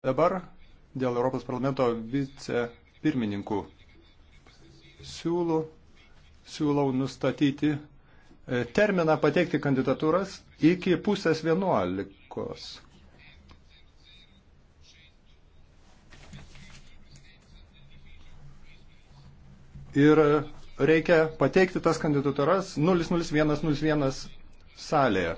Dabar dėl Europos parlamento vicepirmininkų siūlų, siūlau nustatyti e, terminą pateikti kandidatūras iki pusės vienuolikos. Ir reikia pateikti tas kandidatūras 00101 salėje.